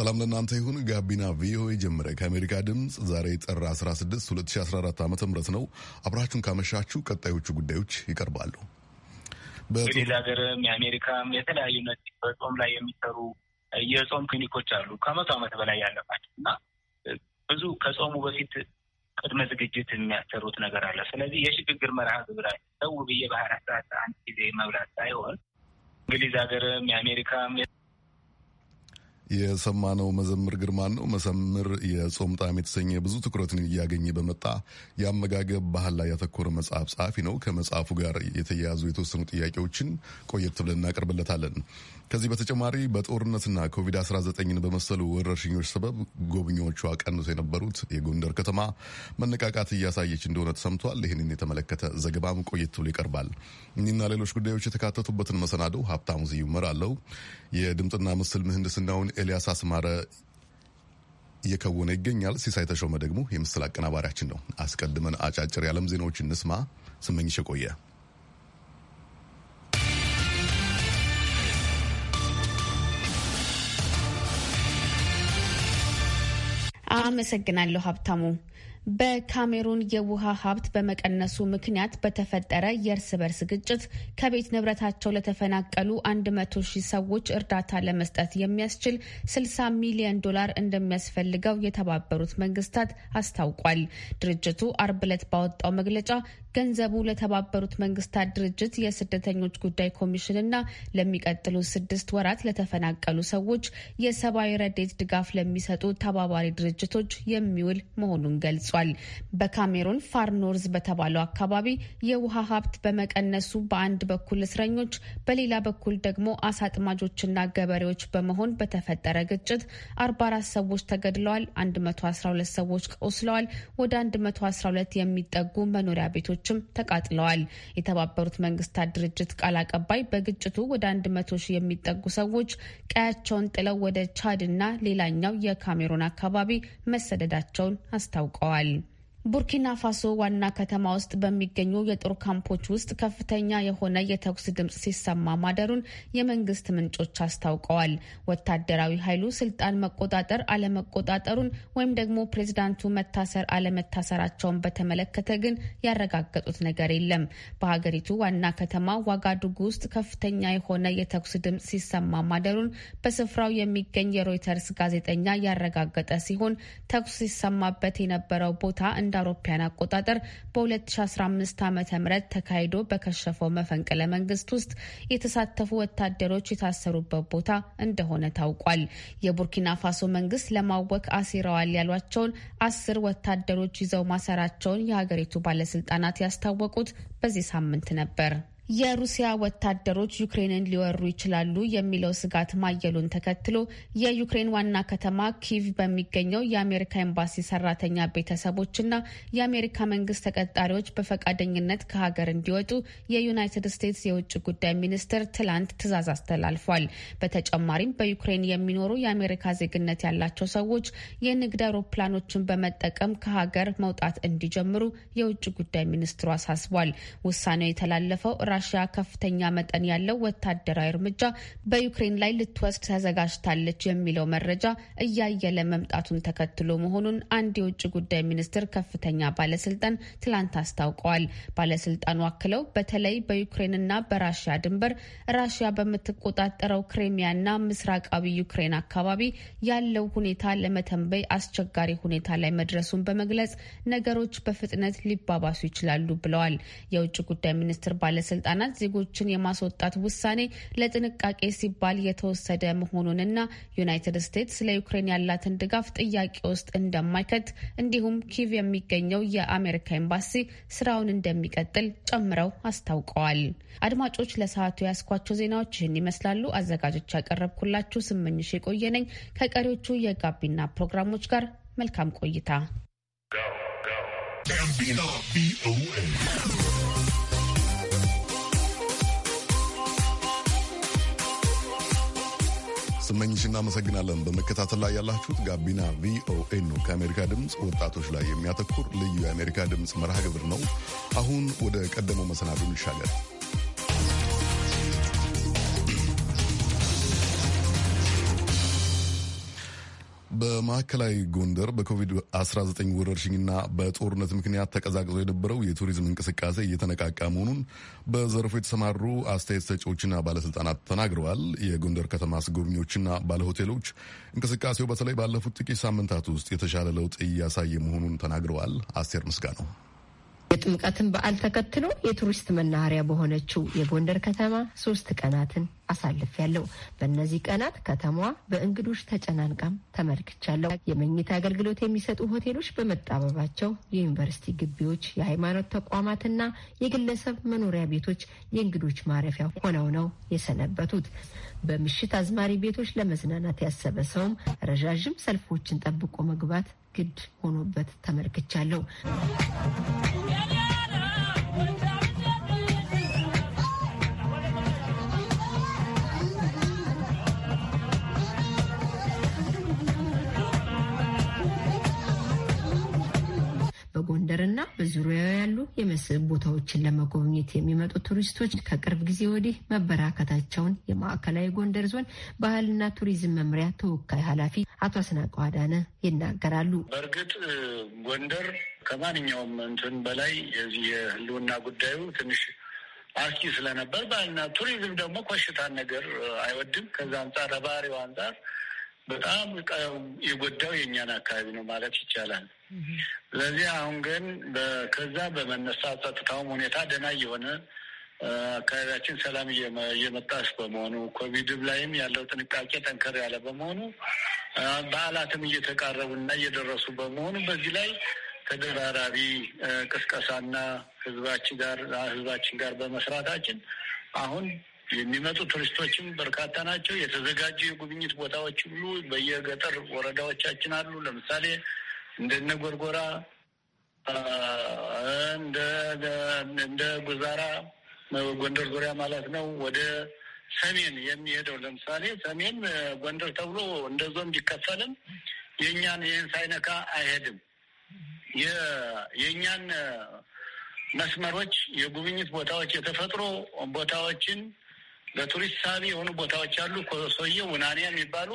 ሰላም ለእናንተ ይሁን። ጋቢና ቪኦኤ ጀመረ። ከአሜሪካ ድምፅ ዛሬ ጥር 16 2014 ዓ ም ነው። አብራችሁን ካመሻችሁ ቀጣዮቹ ጉዳዮች ይቀርባሉ። በሌላ ሀገርም የአሜሪካም የተለያዩ ነዚህ በጾም ላይ የሚሰሩ የጾም ክሊኒኮች አሉ ከመቶ ዓመት በላይ ያለባቸው እና ብዙ ከጾሙ በፊት ቅድመ ዝግጅት የሚያሰሩት ነገር አለ። ስለዚህ የሽግግር መርሃ ግብራ ሰው ብዬ ባህር አስራት አንድ ጊዜ መብላት ሳይሆን እንግሊዝ ሀገርም የአሜሪካም የሰማነው መዘምር ግርማን ነው። መዘምር የጾም ጣዕም የተሰኘ ብዙ ትኩረትን እያገኘ በመጣ የአመጋገብ ባህል ላይ ያተኮረ መጽሐፍ ጸሐፊ ነው። ከመጽሐፉ ጋር የተያያዙ የተወሰኑ ጥያቄዎችን ቆየት ብለን እናቀርብለታለን። ከዚህ በተጨማሪ በጦርነትና ኮቪድ-19ን በመሰሉ ወረርሽኞች ሰበብ ጎብኚዎቿ ቀንሶ የነበሩት የጎንደር ከተማ መነቃቃት እያሳየች እንደሆነ ተሰምቷል። ይህንን የተመለከተ ዘገባም ቆየት ብሎ ይቀርባል። እኒና ሌሎች ጉዳዮች የተካተቱበትን መሰናዶ ሀብታሙ ዝዩ እመራለሁ። የድምፅና ምስል ምህንድስናውን ኤልያስ አስማረ እየከወነ ይገኛል። ሲሳይ ተሾመ ደግሞ የምስል አቀናባሪያችን ነው። አስቀድመን አጫጭር የዓለም ዜናዎችን እንስማ። ስመኝሽ ቆየ። አመሰግናለሁ ሀብታሙ። በካሜሩን የውሃ ሀብት በመቀነሱ ምክንያት በተፈጠረ የእርስ በርስ ግጭት ከቤት ንብረታቸው ለተፈናቀሉ 100 ሰዎች እርዳታ ለመስጠት የሚያስችል 60 ሚሊዮን ዶላር እንደሚያስፈልገው የተባበሩት መንግስታት አስታውቋል። ድርጅቱ አርብ ዕለት ባወጣው መግለጫ ገንዘቡ ለተባበሩት መንግስታት ድርጅት የስደተኞች ጉዳይ ኮሚሽን ና ለሚቀጥሉ ስድስት ወራት ለተፈናቀሉ ሰዎች የሰብአዊ ረዴት ድጋፍ ለሚሰጡ ተባባሪ ድርጅቶች የሚውል መሆኑን ገልጿል። በካሜሩን ፋርኖርዝ በተባለው አካባቢ የውሃ ሀብት በመቀነሱ በአንድ በኩል እስረኞች፣ በሌላ በኩል ደግሞ አሳጥማጆችና ገበሬዎች በመሆን በተፈጠረ ግጭት 44 ሰዎች ተገድለዋል፣ 112 ሰዎች ቆስለዋል፣ ወደ 112 የሚጠጉ መኖሪያ ቤቶች መኪኖችም ተቃጥለዋል። የተባበሩት መንግስታት ድርጅት ቃል አቀባይ በግጭቱ ወደ አንድ መቶ ሺህ የሚጠጉ ሰዎች ቀያቸውን ጥለው ወደ ቻድና ሌላኛው የካሜሩን አካባቢ መሰደዳቸውን አስታውቀዋል። ቡርኪና ፋሶ ዋና ከተማ ውስጥ በሚገኙ የጦር ካምፖች ውስጥ ከፍተኛ የሆነ የተኩስ ድምፅ ሲሰማ ማደሩን የመንግስት ምንጮች አስታውቀዋል። ወታደራዊ ኃይሉ ስልጣን መቆጣጠር አለመቆጣጠሩን ወይም ደግሞ ፕሬዚዳንቱ መታሰር አለመታሰራቸውን በተመለከተ ግን ያረጋገጡት ነገር የለም። በሀገሪቱ ዋና ከተማ ዋጋዱጉ ውስጥ ከፍተኛ የሆነ የተኩስ ድምፅ ሲሰማ ማደሩን በስፍራው የሚገኝ የሮይተርስ ጋዜጠኛ ያረጋገጠ ሲሆን ተኩስ ሲሰማበት የነበረው ቦታ እንደ አውሮፓያን አቆጣጠር በ2015 ዓ ም ተካሂዶ በከሸፈው መፈንቅለ መንግስት ውስጥ የተሳተፉ ወታደሮች የታሰሩበት ቦታ እንደሆነ ታውቋል። የቡርኪና ፋሶ መንግስት ለማወክ አሲረዋል ያሏቸውን አስር ወታደሮች ይዘው ማሰራቸውን የሀገሪቱ ባለስልጣናት ያስታወቁት በዚህ ሳምንት ነበር። የሩሲያ ወታደሮች ዩክሬንን ሊወሩ ይችላሉ የሚለው ስጋት ማየሉን ተከትሎ የዩክሬን ዋና ከተማ ኪቭ በሚገኘው የአሜሪካ ኤምባሲ ሰራተኛ ቤተሰቦችና የአሜሪካ መንግስት ተቀጣሪዎች በፈቃደኝነት ከሀገር እንዲወጡ የዩናይትድ ስቴትስ የውጭ ጉዳይ ሚኒስትር ትላንት ትዕዛዝ አስተላልፏል። በተጨማሪም በዩክሬን የሚኖሩ የአሜሪካ ዜግነት ያላቸው ሰዎች የንግድ አውሮፕላኖችን በመጠቀም ከሀገር መውጣት እንዲጀምሩ የውጭ ጉዳይ ሚኒስትሩ አሳስቧል። ውሳኔው የተላለፈው ራሽያ ከፍተኛ መጠን ያለው ወታደራዊ እርምጃ በዩክሬን ላይ ልትወስድ ተዘጋጅታለች የሚለው መረጃ እያየለ መምጣቱን ተከትሎ መሆኑን አንድ የውጭ ጉዳይ ሚኒስትር ከፍተኛ ባለስልጣን ትላንት አስታውቀዋል። ባለስልጣኑ አክለው በተለይ በዩክሬንና በራሽያ ድንበር ራሽያ በምትቆጣጠረው ክሬሚያና ምስራቃዊ ዩክሬን አካባቢ ያለው ሁኔታ ለመተንበይ አስቸጋሪ ሁኔታ ላይ መድረሱን በመግለጽ ነገሮች በፍጥነት ሊባባሱ ይችላሉ ብለዋል። የውጭ ጉዳይ ሚኒስትር ባለስልጣን ባለስልጣናት ዜጎችን የማስወጣት ውሳኔ ለጥንቃቄ ሲባል የተወሰደ መሆኑንና ዩናይትድ ስቴትስ ለዩክሬን ያላትን ድጋፍ ጥያቄ ውስጥ እንደማይከት እንዲሁም ኪቭ የሚገኘው የአሜሪካ ኤምባሲ ስራውን እንደሚቀጥል ጨምረው አስታውቀዋል። አድማጮች ለሰዓቱ ያስኳቸው ዜናዎች ይህን ይመስላሉ። አዘጋጆች ያቀረብኩላችሁ ስመኝሽ የቆየ ነኝ። ከቀሪዎቹ የጋቢና ፕሮግራሞች ጋር መልካም ቆይታ። ስመኝሽ እናመሰግናለን። በመከታተል ላይ ያላችሁት ጋቢና ቪኦኤ ነው፣ ከአሜሪካ ድምፅ ወጣቶች ላይ የሚያተኩር ልዩ የአሜሪካ ድምፅ መርሃ ግብር ነው። አሁን ወደ ቀደመው መሰናዱ እንሻገር። በማዕከላዊ ጎንደር በኮቪድ-19 ወረርሽኝና በጦርነት ምክንያት ተቀዛቅዞ የነበረው የቱሪዝም እንቅስቃሴ እየተነቃቃ መሆኑን በዘርፉ የተሰማሩ አስተያየት ሰጪዎችና ባለስልጣናት ተናግረዋል። የጎንደር ከተማ አስጎብኚዎችና ባለሆቴሎች እንቅስቃሴው በተለይ ባለፉት ጥቂት ሳምንታት ውስጥ የተሻለ ለውጥ እያሳየ መሆኑን ተናግረዋል። አስቴር ምስጋ ነው የጥምቀትን በዓል ተከትሎ የቱሪስት መናኸሪያ በሆነችው የጎንደር ከተማ ሶስት ቀናትን ያለው በእነዚህ ቀናት ከተማዋ በእንግዶች ተጨናንቃም ተመልክቻለሁ። የመኝታ አገልግሎት የሚሰጡ ሆቴሎች በመጣበባቸው የዩኒቨርሲቲ ግቢዎች፣ የሃይማኖት ተቋማትና የግለሰብ መኖሪያ ቤቶች የእንግዶች ማረፊያ ሆነው ነው የሰነበቱት። በምሽት አዝማሪ ቤቶች ለመዝናናት ያሰበ ሰውም ረዣዥም ሰልፎችን ጠብቆ መግባት ግድ ሆኖበት ተመልክቻለሁ። በዙሪያው ያሉ የመስህብ ቦታዎችን ለመጎብኘት የሚመጡ ቱሪስቶች ከቅርብ ጊዜ ወዲህ መበራከታቸውን የማዕከላዊ ጎንደር ዞን ባህልና ቱሪዝም መምሪያ ተወካይ ኃላፊ አቶ አስናቀው አዳነ ይናገራሉ። በእርግጥ ጎንደር ከማንኛውም እንትን በላይ የዚህ የህልውና ጉዳዩ ትንሽ አስኪ ስለነበር ባህልና ቱሪዝም ደግሞ ኮሽታን ነገር አይወድም። ከዛ አንጻር ባህሪው አንጻር በጣም የጎዳው የእኛን አካባቢ ነው ማለት ይቻላል። ስለዚህ አሁን ግን ከዛ በመነሳት ጸጥታውም ሁኔታ ደህና እየሆነ አካባቢያችን ሰላም እየመጣስ በመሆኑ ኮቪድም ላይም ያለው ጥንቃቄ ጠንከር ያለ በመሆኑ በዓላትም እና እየደረሱ በመሆኑ በዚህ ላይ ተደራራቢ ቅስቀሳና ህዝባችን ጋር ህዝባችን ጋር በመስራታችን አሁን የሚመጡ ቱሪስቶችም በርካታ ናቸው። የተዘጋጁ የጉብኝት ቦታዎች ሁሉ በየገጠር ወረዳዎቻችን አሉ። ለምሳሌ እንደነ ጎርጎራ፣ እንደ ጉዛራ ጎንደር ዙሪያ ማለት ነው። ወደ ሰሜን የሚሄደው ለምሳሌ ሰሜን ጎንደር ተብሎ እንደ ዞን ቢከፈልም የእኛን ይህን ሳይነካ አይሄድም። የእኛን መስመሮች፣ የጉብኝት ቦታዎች፣ የተፈጥሮ ቦታዎችን ለቱሪስት ሳቢ የሆኑ ቦታዎች አሉ። ሰውየው ውናንያ የሚባሉ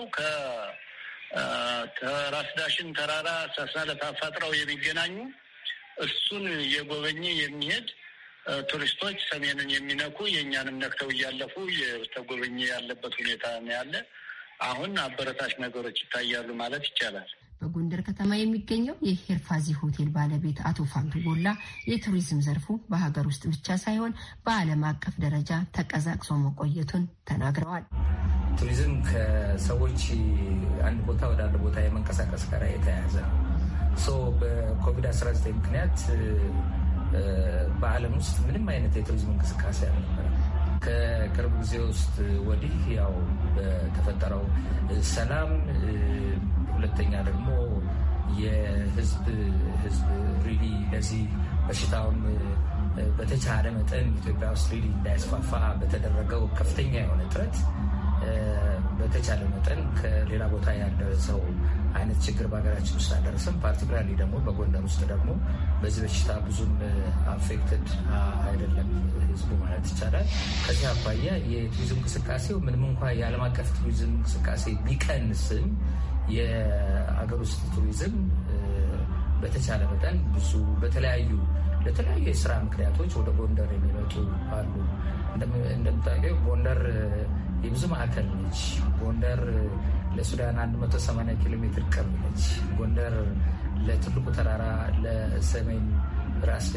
ከራስ ዳሽን ተራራ ሳሳለት አፋጥረው የሚገናኙ እሱን የጎበኘ የሚሄድ ቱሪስቶች ሰሜንን የሚነኩ የእኛንም ነክተው እያለፉ የተጎበኘ ያለበት ሁኔታ ያለ አሁን አበረታች ነገሮች ይታያሉ ማለት ይቻላል። በጎንደር ከተማ የሚገኘው የሄርፋዚ ሆቴል ባለቤት አቶ ፋንቱ ጎላ የቱሪዝም ዘርፉ በሀገር ውስጥ ብቻ ሳይሆን በዓለም አቀፍ ደረጃ ተቀዛቅሶ መቆየቱን ተናግረዋል። ቱሪዝም ከሰዎች አንድ ቦታ ወደ አንድ ቦታ የመንቀሳቀስ ጋር የተያያዘ ነው። በኮቪድ-19 ምክንያት በዓለም ውስጥ ምንም አይነት የቱሪዝም እንቅስቃሴ አልነበረ። ከቅርብ ጊዜ ውስጥ ወዲህ ያው በተፈጠረው ሰላም ሁለተኛ ደግሞ የህዝብ ህዝብ ሪሊ ለዚህ በሽታውን በተቻለ መጠን ኢትዮጵያ ውስጥ ሪሊ እንዳያስፋፋ በተደረገው ከፍተኛ የሆነ ጥረት በተቻለ መጠን ከሌላ ቦታ ያልደረሰው አይነት ችግር በሀገራችን ውስጥ አልደረሰም። ፓርቲኩላርሊ ደግሞ በጎንደር ውስጥ ደግሞ በዚህ በሽታ ብዙም አፌክትድ አይደለም ህዝቡ ማለት ይቻላል። ከዚህ አኳያ የቱሪዝም እንቅስቃሴው ምንም እንኳ የዓለም አቀፍ ቱሪዝም እንቅስቃሴ ቢቀንስም የአገር ውስጥ ቱሪዝም በተቻለ መጠን ብዙ በተለያዩ ለተለያዩ የስራ ምክንያቶች ወደ ጎንደር የሚመጡ አሉ። እንደምታውቀው ጎንደር የብዙ ማዕከል ነች። ጎንደር ለሱዳን 180 ኪሎ ሜትር ቅርብ ነች። ጎንደር ለትልቁ ተራራ ለሰሜን ራስ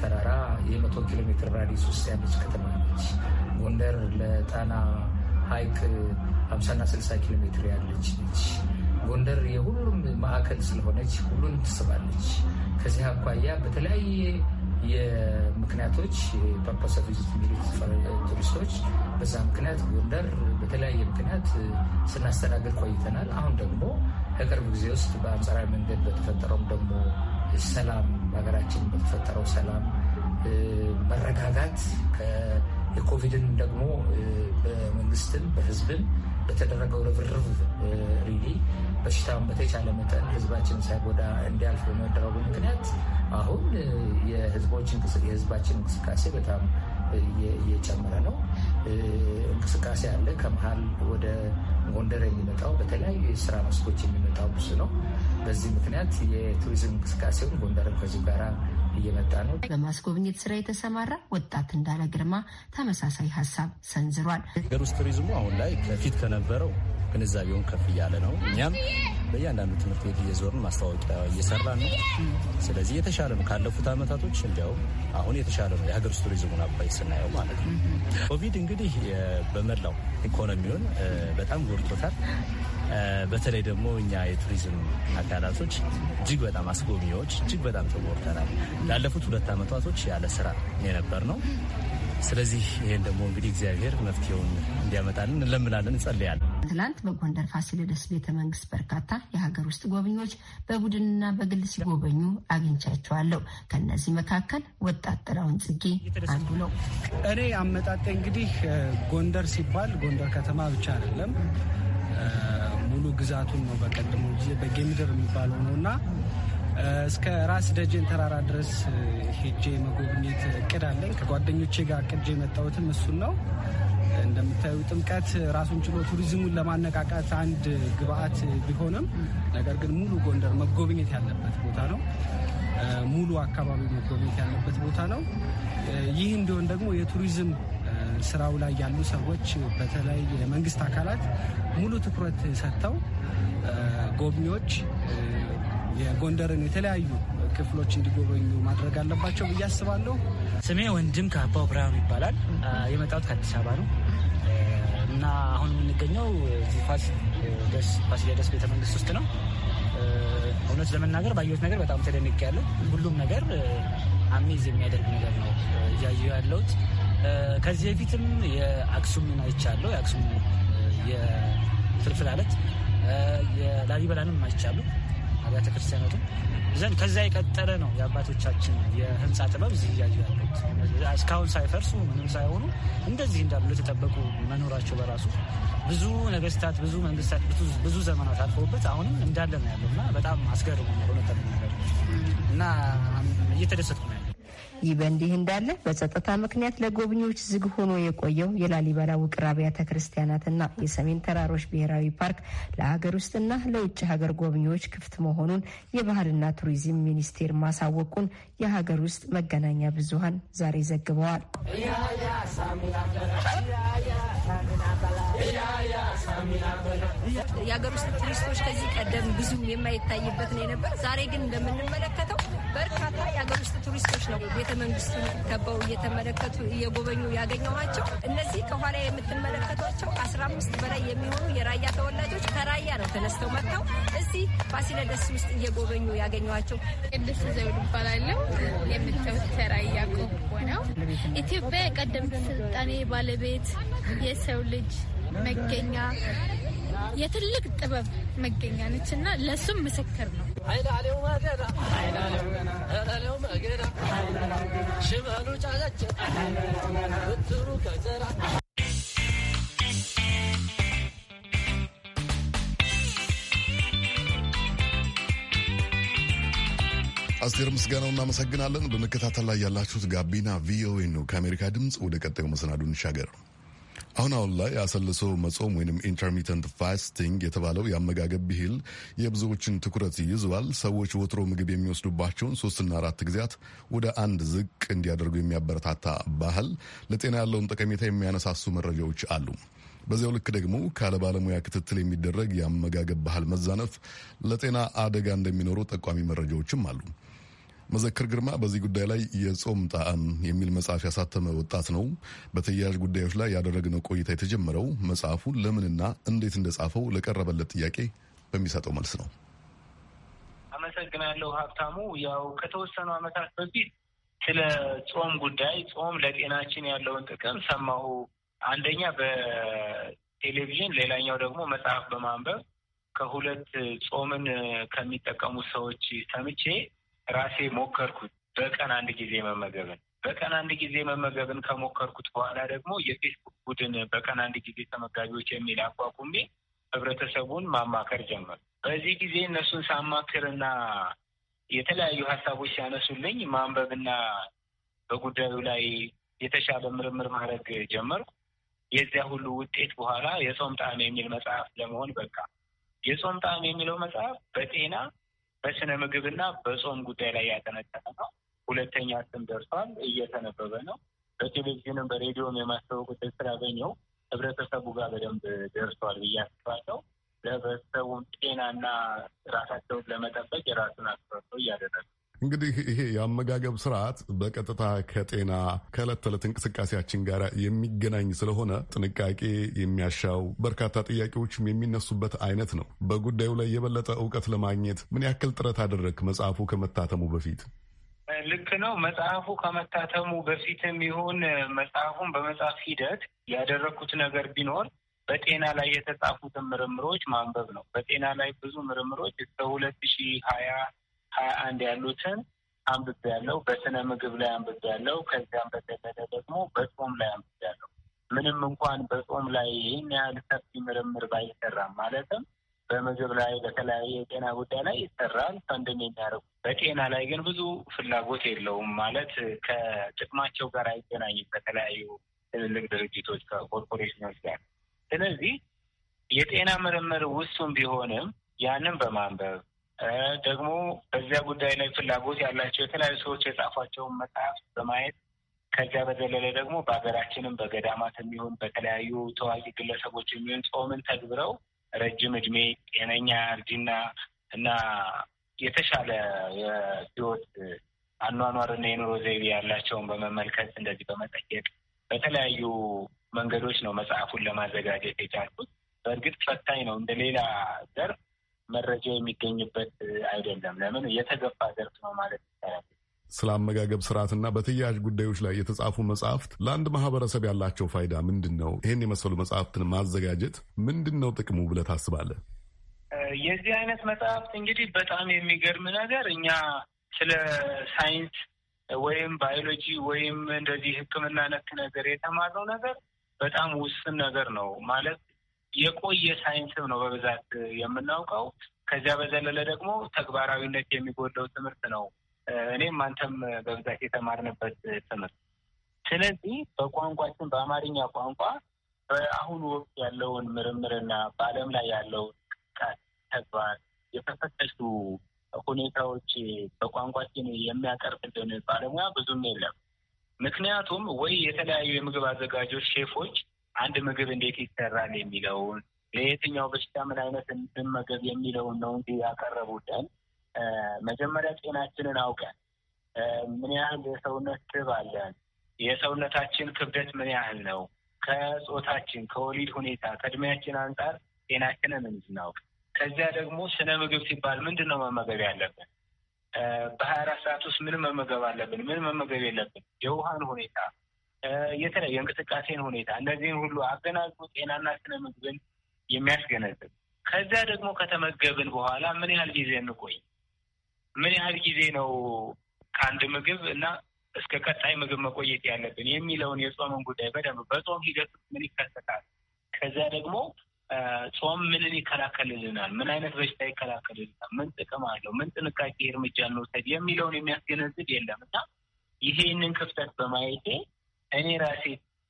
ተራራ የ100 ኪሎ ሜትር ራዲስ ውስጥ ያለች ከተማ ነች። ጎንደር ለጣና ሀይቅ 50ና 60 ኪሎ ሜትር ያለች ነች። ጎንደር የሁሉም ማዕከል ስለሆነች ሁሉን ትስባለች። ከዚህ አኳያ በተለያየ የምክንያቶች የፐርፖስ ቱሪስቶች በዛ ምክንያት ጎንደር በተለያየ ምክንያት ስናስተናግድ ቆይተናል። አሁን ደግሞ ከቅርብ ጊዜ ውስጥ በአንጻራዊ መንገድ በተፈጠረውም ደግሞ ሰላም በሀገራችን በተፈጠረው ሰላም መረጋጋት የኮቪድን ደግሞ በመንግስትም በህዝብም በተደረገው ርብርብ ሪሊ በሽታውን በተቻለ መጠን ህዝባችን ሳይጎዳ እንዲያልፍ በመደረጉ ምክንያት አሁን የህዝቦች የህዝባችን እንቅስቃሴ በጣም እየጨመረ ነው። እንቅስቃሴ አለ። ከመሀል ወደ ጎንደር የሚመጣው በተለያዩ የስራ መስኮች የሚመጣው ብዙ ነው። በዚህ ምክንያት የቱሪዝም እንቅስቃሴውን ጎንደርን ከዚህ ጋራ እየመጣ ነው። በማስጎብኘት ስራ የተሰማራ ወጣት እንዳለ ግርማ ተመሳሳይ ሀሳብ ሰንዝሯል። ሀገር ውስጥ ቱሪዝሙ አሁን ላይ ከፊት ከነበረው ግንዛቤውን ከፍ እያለ ነው። እኛም በእያንዳንዱ ትምህርት ቤት እየዞርን ማስታወቂያ እየሰራ ነው። ስለዚህ የተሻለ ነው ካለፉት አመታቶች፣ እንዲያውም አሁን የተሻለ ነው የሀገር ውስጥ ቱሪዝሙን አባይ ስናየው ማለት ነው። ኮቪድ እንግዲህ በመላው ኢኮኖሚውን በጣም ጎድቶታል። በተለይ ደግሞ እኛ የቱሪዝም አካላቶች እጅግ በጣም አስጎብኚዎች እጅግ በጣም ተጎድተናል። ላለፉት ሁለት ዓመታቶች ያለ ስራ የነበር ነው። ስለዚህ ይህን ደግሞ እንግዲህ እግዚአብሔር መፍትሄውን እንዲያመጣልን እንለምናለን፣ እንጸልያለን። ትላንት በጎንደር ፋሲለደስ ቤተ መንግስት በርካታ የሀገር ውስጥ ጎብኚዎች በቡድንና በግል ሲጎበኙ አግኝቻቸዋለሁ። ከእነዚህ መካከል ወጣት ጥላውን ጽጌ አንዱ ነው። እኔ አመጣጤ እንግዲህ ጎንደር ሲባል ጎንደር ከተማ ብቻ አይደለም ሙሉ ግዛቱን ነው በቀድሞ ጊዜ በጌምድር የሚባለው ነው እና እስከ ራስ ደጀን ተራራ ድረስ ሄጄ መጎብኘት እቅድ አለን። ከጓደኞቼ ጋር ቅጄ የመጣሁትም እሱን ነው። እንደምታዩ ጥምቀት ራሱን ችሎ ቱሪዝሙን ለማነቃቃት አንድ ግብአት ቢሆንም ነገር ግን ሙሉ ጎንደር መጎብኘት ያለበት ቦታ ነው። ሙሉ አካባቢ መጎብኘት ያለበት ቦታ ነው። ይህ እንዲሆን ደግሞ የቱሪዝም ስራው ላይ ያሉ ሰዎች በተለይ የመንግስት አካላት ሙሉ ትኩረት ሰጥተው ጎብኚዎች የጎንደርን የተለያዩ ክፍሎች እንዲጎበኙ ማድረግ አለባቸው ብዬ አስባለሁ። ስሜ ወንድም ከአባው ብርሃኑ ይባላል። የመጣሁት ከአዲስ አበባ ነው እና አሁን የምንገኘው ፋሲለደስ ቤተመንግስት ውስጥ ነው። እውነት ለመናገር ባየሁት ነገር በጣም ያለው ሁሉም ነገር አሚዝ የሚያደርግ ነገር ነው እያየሁ ያለሁት። ከዚህ በፊትም የአክሱምን አይቻለሁ። የአክሱም የፍልፍል አለት የላሊበላንም አይቻሉ አብያተ ክርስቲያናቱም ዘንድ ከዛ የቀጠለ ነው። የአባቶቻችን የህንፃ ጥበብ እዚህ እያዩ ያሉት እስካሁን ሳይፈርሱ ምንም ሳይሆኑ እንደዚህ እንዳሉ የተጠበቁ መኖራቸው በራሱ ብዙ ነገስታት፣ ብዙ መንግስታት፣ ብዙ ዘመናት አልፈውበት አሁንም እንዳለ ነው ያለው እና በጣም አስገርሙ ሆነ እና እየተደሰትኩ ነው። ይህ በእንዲህ እንዳለ በጸጥታ ምክንያት ለጎብኚዎች ዝግ ሆኖ የቆየው የላሊበላ ውቅር አብያተ ክርስቲያናትና የሰሜን ተራሮች ብሔራዊ ፓርክ ለሀገር ውስጥና ለውጭ ሀገር ጎብኚዎች ክፍት መሆኑን የባህልና ቱሪዝም ሚኒስቴር ማሳወቁን የሀገር ውስጥ መገናኛ ብዙሀን ዛሬ ዘግበዋል። የሀገር ውስጥ ቱሪስቶች ከዚህ ቀደም ብዙ የማይታይበት ነው የነበር። ዛሬ ግን እንደምንመለከተው በርካታ የሀገር ውስጥ ቱሪስቶች ነው ቤተ መንግስቱን ከበው እየተመለከቱ እየጎበኙ ያገኘኋቸው። እነዚህ ከኋላ የምትመለከቷቸው አስራ አምስት በላይ የሚሆኑ የራያ ተወላጆች ከራያ ነው ተነስተው መጥተው እዚህ ፋሲለደስ ውስጥ እየጎበኙ ያገኘኋቸው። ቅድስት ዘውድ ይባላለሁ። የምታዩት ከራያ ቆቦ ነው። ኢትዮጵያ የቀደምት ስልጣኔ ባለቤት የሰው ልጅ መገኛ የትልቅ ጥበብ መገኛ ነች እና ለእሱም ምስክር ነው። አስቴር ምስጋናው እናመሰግናለን። በመከታተል ላይ ያላችሁት ጋቢና ቪኦኤ ነው። ከአሜሪካ ድምፅ ወደ ቀጣዩ መሰናዱ እንሻገር። አሁን አሁን ላይ አሰልሶ መጾም ወይም ኢንተርሚተንት ፋስቲንግ የተባለው የአመጋገብ ብሂል የብዙዎችን ትኩረት ይዟል። ሰዎች ወትሮ ምግብ የሚወስዱባቸውን ሶስትና አራት ጊዜያት ወደ አንድ ዝቅ እንዲያደርጉ የሚያበረታታ ባህል ለጤና ያለውን ጠቀሜታ የሚያነሳሱ መረጃዎች አሉ። በዚያው ልክ ደግሞ ካለ ባለሙያ ክትትል የሚደረግ የአመጋገብ ባህል መዛነፍ ለጤና አደጋ እንደሚኖሩ ጠቋሚ መረጃዎችም አሉ። መዘክር ግርማ በዚህ ጉዳይ ላይ የጾም ጣዕም የሚል መጽሐፍ ያሳተመ ወጣት ነው። በተያያዥ ጉዳዮች ላይ ያደረግነው ቆይታ የተጀመረው መጽሐፉ ለምንና እንዴት እንደጻፈው ለቀረበለት ጥያቄ በሚሰጠው መልስ ነው። አመሰግናለሁ ሀብታሙ። ያው ከተወሰኑ ዓመታት በፊት ስለ ጾም ጉዳይ ጾም ለጤናችን ያለውን ጥቅም ሰማሁ። አንደኛ በቴሌቪዥን ሌላኛው ደግሞ መጽሐፍ በማንበብ ከሁለት ጾምን ከሚጠቀሙ ሰዎች ሰምቼ ራሴ ሞከርኩት በቀን አንድ ጊዜ መመገብን በቀን አንድ ጊዜ መመገብን ከሞከርኩት በኋላ ደግሞ የፌስቡክ ቡድን በቀን አንድ ጊዜ ተመጋቢዎች የሚል አቋቁሜ ህብረተሰቡን ማማከር ጀመር። በዚህ ጊዜ እነሱን ሳማክርና የተለያዩ ሀሳቦች ሲያነሱልኝ ማንበብና በጉዳዩ ላይ የተሻለ ምርምር ማድረግ ጀመርኩ። የዚያ ሁሉ ውጤት በኋላ የጾም ጣዕም የሚል መጽሐፍ ለመሆን በቃ። የጾም ጣዕም የሚለው መጽሐፍ በጤና በስነ ምግብና በጾም ጉዳይ ላይ ያጠነጠነ ነው። ሁለተኛ ስም ደርሷል፣ እየተነበበ ነው። በቴሌቪዥንም በሬዲዮም የማስታወቁት ስላገኘው ህብረተሰቡ ጋር በደንብ ደርሷል ብዬ አስባለሁ። ለህብረተሰቡም ጤናና ራሳቸውን ለመጠበቅ የራሱን አስተዋጽኦ እያደረገ እንግዲህ ይሄ የአመጋገብ ስርዓት በቀጥታ ከጤና ከዕለት ተዕለት እንቅስቃሴያችን ጋር የሚገናኝ ስለሆነ ጥንቃቄ የሚያሻው በርካታ ጥያቄዎችም የሚነሱበት አይነት ነው። በጉዳዩ ላይ የበለጠ እውቀት ለማግኘት ምን ያክል ጥረት አደረግ መጽሐፉ ከመታተሙ በፊት ልክ ነው። መጽሐፉ ከመታተሙ በፊትም ይሁን መጽሐፉን በመጻፍ ሂደት ያደረግኩት ነገር ቢኖር በጤና ላይ የተጻፉትን ምርምሮች ማንበብ ነው። በጤና ላይ ብዙ ምርምሮች እስከ ሁለት ሺህ ሀያ ሀያ አንድ ያሉትን አንብቤ ያለው በስነ ምግብ ላይ አንብቤ ያለው ከዚያም በተለለ ደግሞ በጾም ላይ አንብቤ ያለው ምንም እንኳን በጾም ላይ ይህን ያህል ሰፊ ምርምር ባይሰራም ማለትም በምግብ ላይ በተለያየ የጤና ጉዳይ ላይ ይሰራል። ፈንድም የሚያደርጉ በጤና ላይ ግን ብዙ ፍላጎት የለውም ማለት ከጥቅማቸው ጋር አይገናኝም ከተለያዩ ትልልቅ ድርጅቶች ከኮርፖሬሽኖች ጋር። ስለዚህ የጤና ምርምር ውሱን ቢሆንም ያንን በማንበብ ደግሞ በዚያ ጉዳይ ላይ ፍላጎት ያላቸው የተለያዩ ሰዎች የጻፏቸውን መጽሐፍ በማየት ከዚያ በዘለለ ደግሞ በሀገራችንም በገዳማት የሚሆን በተለያዩ ተዋጊ ግለሰቦች የሚሆን ጾምን ተግብረው ረጅም እድሜ፣ ጤነኛ እርጅና እና የተሻለ የህይወት አኗኗርና የኑሮ ዘይቤ ያላቸውን በመመልከት እንደዚህ በመጠየቅ በተለያዩ መንገዶች ነው መጽሐፉን ለማዘጋጀት የቻልኩት። በእርግጥ ፈታኝ ነው። እንደ ሌላ ዘርፍ መረጃ የሚገኝበት አይደለም። ለምን የተገፋ ዘርፍ ነው ማለት ይቻላል። ስለ አመጋገብ ስርዓትና በተያያዥ ጉዳዮች ላይ የተጻፉ መጽሐፍት ለአንድ ማህበረሰብ ያላቸው ፋይዳ ምንድን ነው? ይህን የመሰሉ መጽሐፍትን ማዘጋጀት ምንድን ነው ጥቅሙ ብለህ ታስባለህ? የዚህ አይነት መጽሐፍት እንግዲህ በጣም የሚገርም ነገር እኛ ስለ ሳይንስ ወይም ባዮሎጂ ወይም እንደዚህ ሕክምና ነክ ነገር የተማረው ነገር በጣም ውስን ነገር ነው ማለት የቆየ ሳይንስም ነው በብዛት የምናውቀው። ከዚያ በዘለለ ደግሞ ተግባራዊነት የሚጎዳው ትምህርት ነው እኔም አንተም በብዛት የተማርንበት ትምህርት። ስለዚህ በቋንቋችን በአማርኛ ቋንቋ በአሁኑ ወቅት ያለውን ምርምርና በዓለም ላይ ያለውን ቃት ተግባር የተፈተሹ ሁኔታዎች በቋንቋችን የሚያቀርብልን ባለሙያ ብዙም የለም። ምክንያቱም ወይ የተለያዩ የምግብ አዘጋጆች ሼፎች አንድ ምግብ እንዴት ይሰራል የሚለውን ለየትኛው በሽታ ምን አይነት እንድንመገብ የሚለውን ነው እንጂ ያቀረቡልን። መጀመሪያ ጤናችንን አውቀን ምን ያህል የሰውነት ትብ አለን፣ የሰውነታችን ክብደት ምን ያህል ነው፣ ከጾታችን ከወሊድ ሁኔታ ከእድሜያችን አንጻር ጤናችንን እንድናውቅ፣ ከዚያ ደግሞ ስነ ምግብ ሲባል ምንድን ነው መመገብ ያለብን፣ በሀያ አራት ሰዓት ውስጥ ምን መመገብ አለብን፣ ምን መመገብ የለብን፣ የውሃን ሁኔታ የተለያዩ የእንቅስቃሴን ሁኔታ እነዚህን ሁሉ አገናዝቦ ጤናና ስነ ምግብን የሚያስገነዝብ ከዚያ ደግሞ ከተመገብን በኋላ ምን ያህል ጊዜ እንቆይ፣ ምን ያህል ጊዜ ነው ከአንድ ምግብ እና እስከ ቀጣይ ምግብ መቆየት ያለብን የሚለውን የጾምን ጉዳይ በደንብ በጾም ሂደት ውስጥ ምን ይከሰታል፣ ከዚያ ደግሞ ጾም ምንን ይከላከልልናል፣ ምን አይነት በሽታ ይከላከልልናል፣ ምን ጥቅም አለው፣ ምን ጥንቃቄ እርምጃ እንውሰድ የሚለውን የሚያስገነዝብ የለም እና ይሄንን ክፍተት በማየቴ እኔ ራሴ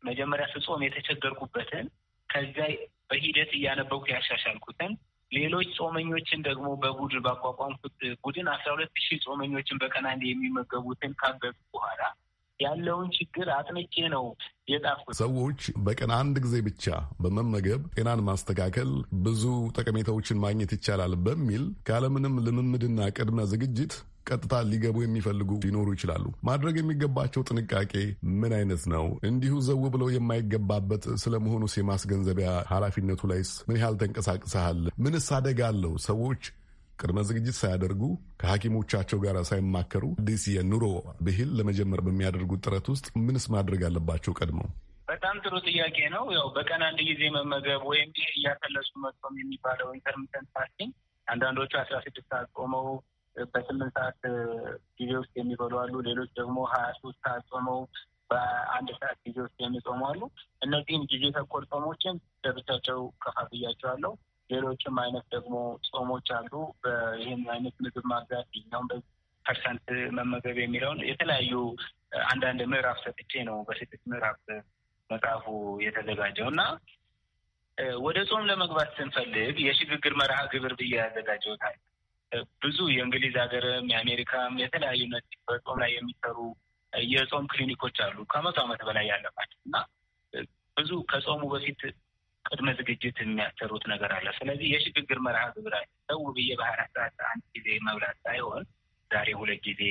መጀመሪያ ስጾም የተቸገርኩበትን ከዚያ በሂደት እያነበብኩ ያሻሻልኩትን ሌሎች ጾመኞችን ደግሞ በቡድን ባቋቋምኩት ቡድን አስራ ሁለት ሺህ ጾመኞችን በቀን አንዴ የሚመገቡትን ካበብኩ በኋላ ያለውን ችግር አጥንቼ ነው የጣፍኩት። ሰዎች በቀን አንድ ጊዜ ብቻ በመመገብ ጤናን ማስተካከል ብዙ ጠቀሜታዎችን ማግኘት ይቻላል በሚል ካለምንም ልምምድና ቅድመ ዝግጅት ቀጥታ ሊገቡ የሚፈልጉ ሊኖሩ ይችላሉ። ማድረግ የሚገባቸው ጥንቃቄ ምን አይነት ነው? እንዲሁ ዘው ብለው የማይገባበት ስለመሆኑስ የማስገንዘቢያ ኃላፊነቱ ላይስ ምን ያህል ተንቀሳቅሰሃል? ምንስ አደጋ አለው? ሰዎች ቅድመ ዝግጅት ሳያደርጉ ከሐኪሞቻቸው ጋር ሳይማከሩ አዲስ የኑሮ ብሂል ለመጀመር በሚያደርጉት ጥረት ውስጥ ምንስ ማድረግ አለባቸው? ቀድመው በጣም ጥሩ ጥያቄ ነው። ያው በቀን አንድ ጊዜ መመገብ ወይም እያፈለሱ መጾም የሚባለው ኢንተርሚተንት ፋስቲንግ አንዳንዶቹ አስራ ስድስት ሰዓት ቆመው በስምንት ሰዓት ጊዜ ውስጥ የሚበሉ አሉ። ሌሎች ደግሞ ሀያ ሶስት ሰዓት ጾመው በአንድ ሰዓት ጊዜ ውስጥ የሚጾሙ አሉ። እነዚህም ጊዜ ተኮር ጾሞችን ለብቻቸው ከፋፍያቸዋለሁ። ሌሎችም አይነት ደግሞ ጾሞች አሉ። ይህም አይነት ምግብ ማብዛት ይኛውም ፐርሰንት መመገብ የሚለውን የተለያዩ አንዳንድ ምዕራፍ ሰጥቼ ነው በስድስት ምዕራፍ መጽሐፉ የተዘጋጀው እና ወደ ጾም ለመግባት ስንፈልግ የሽግግር መርሃ ግብር ብዬ ያዘጋጀውታል። ብዙ የእንግሊዝ ሀገርም የአሜሪካም የተለያዩ እነዚህ በጾም ላይ የሚሰሩ የጾም ክሊኒኮች አሉ ከመቶ ዓመት በላይ ያለባቸው እና ብዙ ከጾሙ በፊት ቅድመ ዝግጅት የሚያሰሩት ነገር አለ። ስለዚህ የሽግግር መርሃ ግብራ ሰው ብዬ ባህር ሰዓት አንድ ጊዜ መብላት ሳይሆን ዛሬ ሁለት ጊዜ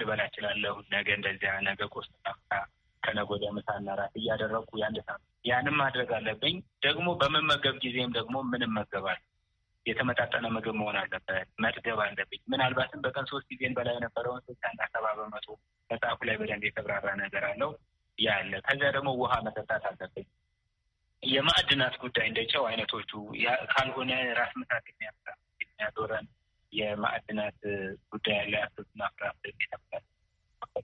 ልበላ እችላለሁ፣ ነገ እንደዚያ፣ ነገ ቆስት ጣፍታ፣ ከነገ ወዲያ ምሳና ራት እያደረግኩ ያንድ ሳ ያንም ማድረግ አለብኝ። ደግሞ በመመገብ ጊዜም ደግሞ ምን እመገባለሁ የተመጣጠነ ምግብ መሆን አለበት፣ መጥገብ አለብኝ። ምናልባትም በቀን ሶስት ጊዜን በላይ የነበረውን ስልሳ እና ሰባ በመቶ መጽሐፉ ላይ በደንብ የተብራራ ነገር አለው ያለ። ከዚያ ደግሞ ውሃ መጠጣት አለብኝ። የማዕድናት ጉዳይ እንደ ጨው አይነቶቹ ካልሆነ ራስ ምታት የሚያመጣ የሚያዞረን የማዕድናት ጉዳይ ያለ አትክልትና ፍራፍሬ መጠቀም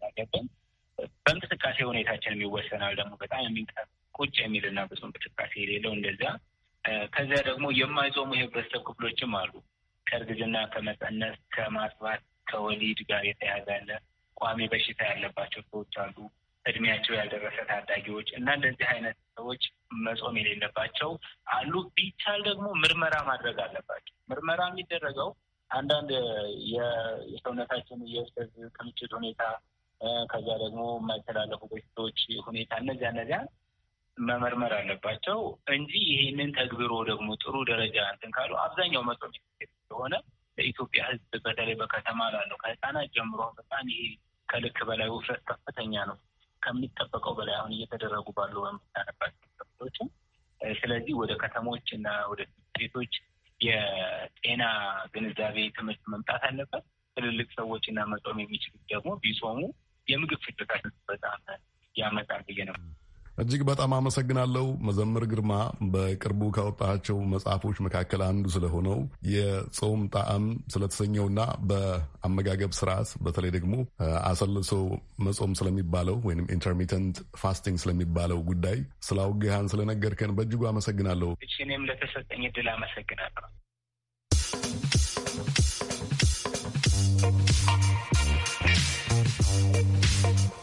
አለብን። በእንቅስቃሴ ሁኔታችን የሚወሰናል ደግሞ በጣም የሚንቀ ቁጭ የሚልና ብዙ እንቅስቃሴ የሌለው እንደዚያ ከዚያ ደግሞ የማይጾሙ የህብረተሰብ ክፍሎችም አሉ። ከእርግዝና፣ ከመፀነስ፣ ከማጥባት፣ ከወሊድ ጋር የተያያዘ ያለ ቋሚ በሽታ ያለባቸው ሰዎች አሉ። እድሜያቸው ያልደረሰ ታዳጊዎች እና እንደዚህ አይነት ሰዎች መጾም የሌለባቸው አሉ። ቢቻል ደግሞ ምርመራ ማድረግ አለባቸው። ምርመራ የሚደረገው አንዳንድ የሰውነታችን የእርሰዝ ክምችት ሁኔታ ከዚያ ደግሞ የማይተላለፉ በሽታዎች ሁኔታ እነዚያ እነዚያን መመርመር አለባቸው እንጂ ይህንን ተግብሮ ደግሞ ጥሩ ደረጃ እንትን ካሉ አብዛኛው መቶ ስለሆነ በኢትዮጵያ ሕዝብ በተለይ በከተማ ላለው ከህፃናት ጀምሮ በጣም ይሄ ከልክ በላይ ውፍረት ከፍተኛ ነው ከሚጠበቀው በላይ አሁን እየተደረጉ ባሉ በምታነባቸው ስለዚህ ወደ ከተሞች እና ወደ ቤቶች የጤና ግንዛቤ ትምህርት መምጣት አለበት። ትልልቅ ሰዎች እና መጾም የሚችሉት ደግሞ ቢጾሙ የምግብ ፍጆታቸው በጣም ያመጣል ብዬ ነው። እጅግ በጣም አመሰግናለሁ። መዘምር ግርማ በቅርቡ ካወጣቸው መጽሐፎች መካከል አንዱ ስለሆነው የጾም ጣዕም ስለተሰኘውና በአመጋገብ ስርዓት በተለይ ደግሞ አሰልሶ መጾም ስለሚባለው ወይም ኢንተርሚተንት ፋስቲንግ ስለሚባለው ጉዳይ ስላውግሃን ስለነገርከን በእጅጉ አመሰግናለሁ። እኔም ለተሰጠኝ እድል አመሰግናለሁ። Thank you.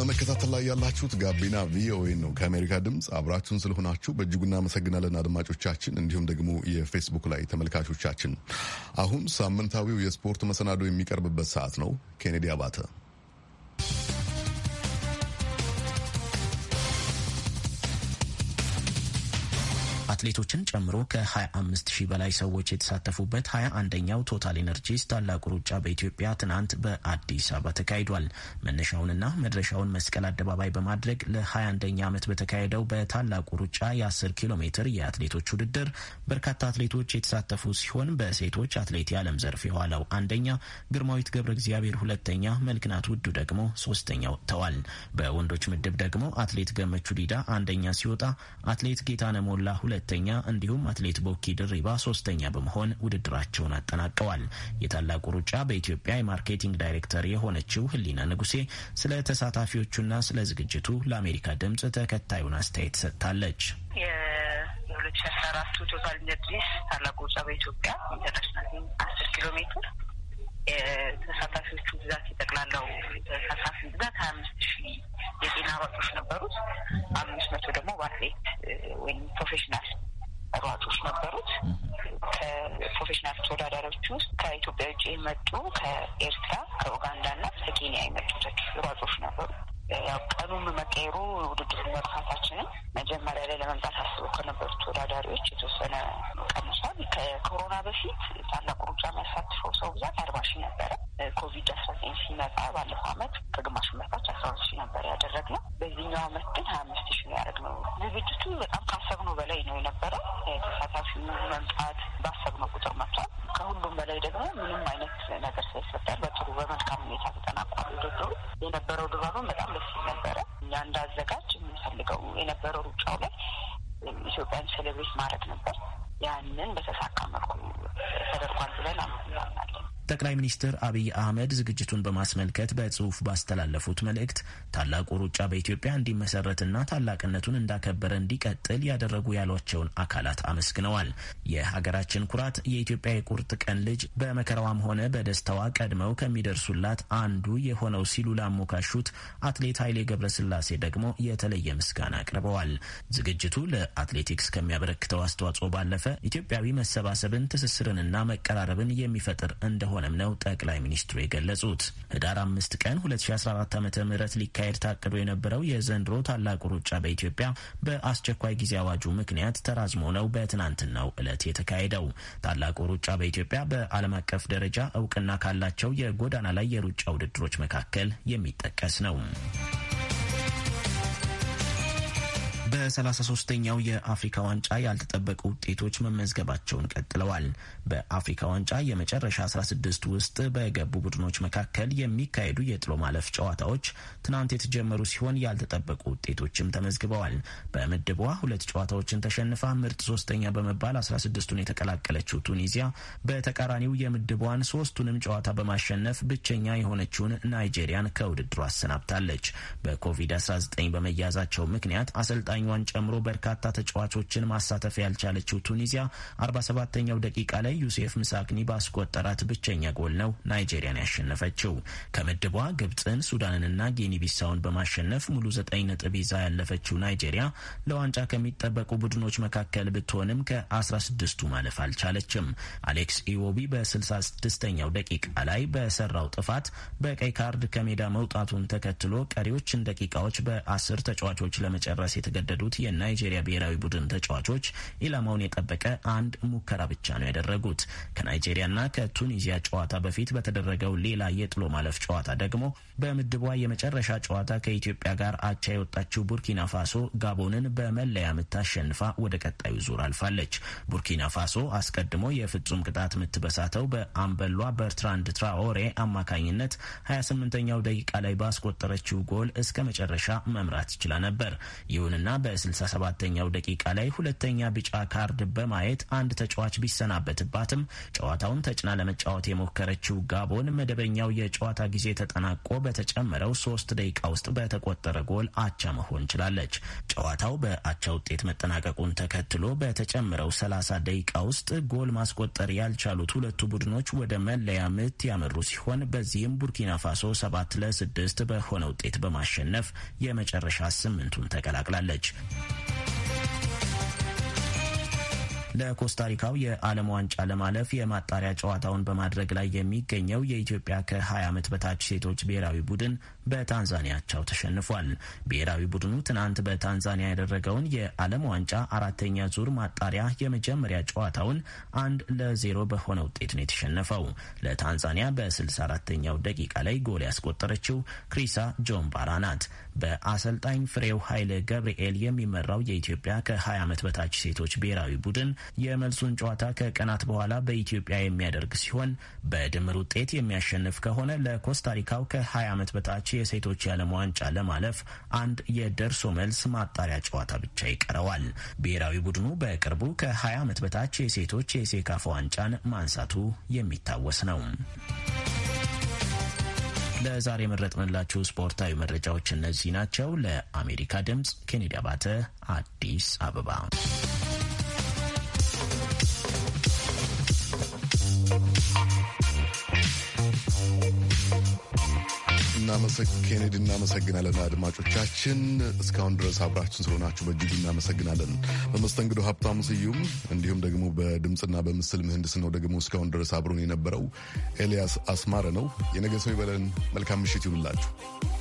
በመከታተል ላይ ያላችሁት ጋቢና ቪኦኤ ነው ከአሜሪካ ድምፅ። አብራችሁን ስለሆናችሁ በእጅጉ እናመሰግናለን አድማጮቻችን፣ እንዲሁም ደግሞ የፌስቡክ ላይ ተመልካቾቻችን። አሁን ሳምንታዊው የስፖርት መሰናዶ የሚቀርብበት ሰዓት ነው። ኬኔዲ አባተ አትሌቶችን ጨምሮ ከ25 ሺህ በላይ ሰዎች የተሳተፉበት 21ኛው ቶታል ኤነርጂስ ታላቁ ሩጫ በኢትዮጵያ ትናንት በአዲስ አበባ ተካሂዷል። መነሻውንና መድረሻውን መስቀል አደባባይ በማድረግ ለ21ኛ ዓመት በተካሄደው በታላቁ ሩጫ የ10 ኪሎ ሜትር የአትሌቶች ውድድር በርካታ አትሌቶች የተሳተፉ ሲሆን በሴቶች አትሌት የዓለም ዘርፍ የኋላው አንደኛ፣ ግርማዊት ገብረ እግዚአብሔር ሁለተኛ፣ መልክናት ውዱ ደግሞ ሶስተኛ ወጥተዋል። በወንዶች ምድብ ደግሞ አትሌት ገመቹ ዲዳ አንደኛ ሲወጣ አትሌት ጌታነ ሞላ ሁለት ሁለተኛ እንዲሁም አትሌት ቦኪ ድሪባ ሶስተኛ በመሆን ውድድራቸውን አጠናቀዋል። የታላቁ ሩጫ በኢትዮጵያ የማርኬቲንግ ዳይሬክተር የሆነችው ህሊና ንጉሴ ስለ ተሳታፊዎቹና ስለ ዝግጅቱ ለአሜሪካ ድምጽ ተከታዩን አስተያየት ሰጥታለች። የሁለት ሺ አስራ አራቱ ቶታል ኢነርጂስ ታላቁ ሩጫ በኢትዮጵያ ኢንተርናሽናል አስር ኪሎ ሜትር የተሳታፊዎቹ ብዛት የጠቅላላው ተሳታፊ ብዛት ሀያ አምስት ሺህ የጤና ሯጮች ነበሩት። አምስት መቶ ደግሞ በአትሌት ወይም ፕሮፌሽናል ሯጮች ነበሩት። ከፕሮፌሽናል ተወዳዳሪዎች ውስጥ ከኢትዮጵያ ውጭ የመጡ ከኤርትራ፣ ከኡጋንዳ እና ከኬንያ የመጡ ሯጮች ነበሩ። ያው ቀኑም መቀየሩ ውድድር መርሳታችንን መጀመሪያ ላይ ለመምጣት አስበው ከነበሩ ተወዳዳሪዎች የተወሰነ ቀንሷል። ከኮሮና በፊት ታላቁ ሩጫ የሚያሳትፈው ሰው ብዛት አርባ ሺህ ነበረ። ኮቪድ አስራ ዘጠኝ ሲመጣ ባለፈው አመት ከግማሽ በታች አስራ ሁለት ሺህ ነበር ያደረግነው። በዚህኛው አመት ግን ሀያ አምስት ሺህ ነው ያደረግነው። ዝግጅቱ በጣም ካሰብነው በላይ ነው የነበረው። ተሳታፊው መምጣት ባሰብነው ቁጥር መጥቷል። ከሁሉም በላይ ደግሞ ምንም አይነት ነገር ሳይፈጠር በጥሩ በመልካም ሁኔታ ተጠናቋል ውድድሩ። የነበረው ድባብም በጣም ደስ ነበረ። እኛ እንዳዘጋጅ የምንፈልገው የነበረው ሩጫው ላይ ኢትዮጵያን ሴሌብሬት ማድረግ ነበር። ያንን በተሳካ መልኩ ተደርጓል ብለን አምናል። ጠቅላይ ሚኒስትር አብይ አህመድ ዝግጅቱን በማስመልከት በጽሁፍ ባስተላለፉት መልእክት ታላቁ ሩጫ በኢትዮጵያ እንዲመሰረትና ታላቅነቱን እንዳከበረ እንዲቀጥል ያደረጉ ያሏቸውን አካላት አመስግነዋል። የሀገራችን ኩራት የኢትዮጵያ የቁርጥ ቀን ልጅ በመከራዋም ሆነ በደስታዋ ቀድመው ከሚደርሱላት አንዱ የሆነው ሲሉ ላሞካሹት አትሌት ኃይሌ ገብረስላሴ ደግሞ የተለየ ምስጋና አቅርበዋል። ዝግጅቱ ለአትሌቲክስ ከሚያበረክተው አስተዋጽኦ ባለፈ ኢትዮጵያዊ መሰባሰብን፣ ትስስርንና መቀራረብን የሚፈጥር እንደሆነ እንደሆነም ነው ጠቅላይ ሚኒስትሩ የገለጹት። ህዳር አምስት ቀን 2014 ዓ ም ሊካሄድ ታቅዶ የነበረው የዘንድሮ ታላቁ ሩጫ በኢትዮጵያ በአስቸኳይ ጊዜ አዋጁ ምክንያት ተራዝሞ ነው በትናንትናው ዕለት የተካሄደው። ታላቁ ሩጫ በኢትዮጵያ በዓለም አቀፍ ደረጃ እውቅና ካላቸው የጎዳና ላይ የሩጫ ውድድሮች መካከል የሚጠቀስ ነው። በ33ኛው የአፍሪካ ዋንጫ ያልተጠበቁ ውጤቶች መመዝገባቸውን ቀጥለዋል። በአፍሪካ ዋንጫ የመጨረሻ 16 ውስጥ በገቡ ቡድኖች መካከል የሚካሄዱ የጥሎ ማለፍ ጨዋታዎች ትናንት የተጀመሩ ሲሆን ያልተጠበቁ ውጤቶችም ተመዝግበዋል። በምድቧ ሁለት ጨዋታዎችን ተሸንፋ ምርጥ ሶስተኛ በመባል 16ቱን የተቀላቀለችው ቱኒዚያ በተቃራኒው የምድቧን ሶስቱንም ጨዋታ በማሸነፍ ብቸኛ የሆነችውን ናይጄሪያን ከውድድሩ አሰናብታለች። በኮቪድ-19 በመያዛቸው ምክንያት አሰልጣኝ አሰልጣኟን ጨምሮ በርካታ ተጫዋቾችን ማሳተፍ ያልቻለችው ቱኒዚያ 47ተኛው ደቂቃ ላይ ዩሴፍ ምሳክኒ ባስቆጠራት ብቸኛ ጎል ነው ናይጄሪያን ያሸነፈችው። ከምድቧ ግብፅን፣ ሱዳንንና ጊኒ ቢሳውን በማሸነፍ ሙሉ ዘጠኝ ነጥብ ይዛ ያለፈችው ናይጄሪያ ለዋንጫ ከሚጠበቁ ቡድኖች መካከል ብትሆንም ከ16ቱ ማለፍ አልቻለችም። አሌክስ ኢዎቢ በ66ኛው ደቂቃ ላይ በሰራው ጥፋት በቀይ ካርድ ከሜዳ መውጣቱን ተከትሎ ቀሪዎችን ደቂቃዎች በአስር ተጫዋቾች ለመጨረስ የተገደ የተሰደዱት የናይጄሪያ ብሔራዊ ቡድን ተጫዋቾች ኢላማውን የጠበቀ አንድ ሙከራ ብቻ ነው ያደረጉት። ከናይጄሪያና ከቱኒዚያ ጨዋታ በፊት በተደረገው ሌላ የጥሎ ማለፍ ጨዋታ ደግሞ በምድቧ የመጨረሻ ጨዋታ ከኢትዮጵያ ጋር አቻ የወጣችው ቡርኪና ፋሶ ጋቦንን በመለያ ምት አሸንፋ ወደ ቀጣዩ ዙር አልፋለች። ቡርኪና ፋሶ አስቀድሞ የፍጹም ቅጣት ምት በሳተው በአምበሏ በርትራንድ ትራኦሬ አማካኝነት 28ኛው ደቂቃ ላይ ባስቆጠረችው ጎል እስከ መጨረሻ መምራት ችላ ነበር። ይሁንና በ67ኛው ደቂቃ ላይ ሁለተኛ ቢጫ ካርድ በማየት አንድ ተጫዋች ቢሰናበትባትም ጨዋታውን ተጭና ለመጫወት የሞከረችው ጋቦን መደበኛው የጨዋታ ጊዜ ተጠናቆ በተጨመረው ሶስት ደቂቃ ውስጥ በተቆጠረ ጎል አቻ መሆን ችላለች። ጨዋታው በአቻ ውጤት መጠናቀቁን ተከትሎ በተጨመረው ሰላሳ ደቂቃ ውስጥ ጎል ማስቆጠር ያልቻሉት ሁለቱ ቡድኖች ወደ መለያ ምት ያመሩ ሲሆን በዚህም ቡርኪና ፋሶ ለ6 በሆነ ውጤት በማሸነፍ የመጨረሻ ስምንቱን ተቀላቅላለች። ለኮስታሪካው የዓለም ዋንጫ ለማለፍ የማጣሪያ ጨዋታውን በማድረግ ላይ የሚገኘው የኢትዮጵያ ከ20 ዓመት በታች ሴቶች ብሔራዊ ቡድን በታንዛኒያቸው ተሸንፏል። ብሔራዊ ቡድኑ ትናንት በታንዛኒያ ያደረገውን የዓለም ዋንጫ አራተኛ ዙር ማጣሪያ የመጀመሪያ ጨዋታውን አንድ ለዜሮ በሆነ ውጤት ነው የተሸነፈው። ለታንዛኒያ በ64ኛው ደቂቃ ላይ ጎል ያስቆጠረችው ክሪሳ ጆምባራ ናት። በአሰልጣኝ ፍሬው ኃይለ ገብርኤል የሚመራው የኢትዮጵያ ከ20 ዓመት በታች ሴቶች ብሔራዊ ቡድን የመልሱን ጨዋታ ከቀናት በኋላ በኢትዮጵያ የሚያደርግ ሲሆን በድምር ውጤት የሚያሸንፍ ከሆነ ለኮስታሪካው ከ20 ዓመት በታች የሴቶች የዓለም ዋንጫ ለማለፍ አንድ የደርሶ መልስ ማጣሪያ ጨዋታ ብቻ ይቀረዋል። ብሔራዊ ቡድኑ በቅርቡ ከ20 ዓመት በታች የሴቶች የሴካፋ ዋንጫን ማንሳቱ የሚታወስ ነው። ለዛሬ የመረጥንላችሁ ስፖርታዊ መረጃዎች እነዚህ ናቸው። ለአሜሪካ ድምፅ ኬኔዲ አባተ አዲስ አበባ ኬኔዲ እናመሰግናለን። አድማጮቻችን እስካሁን ድረስ አብራችን ስለሆናችሁ በእጅጉ እናመሰግናለን። በመስተንግዶ ሀብታሙ ስዩም፣ እንዲሁም ደግሞ በድምፅና በምስል ምህንድስ ነው ደግሞ እስካሁን ድረስ አብሮን የነበረው ኤልያስ አስማረ ነው። የነገ ሰው ይበለን። መልካም ምሽት ይሁንላችሁ።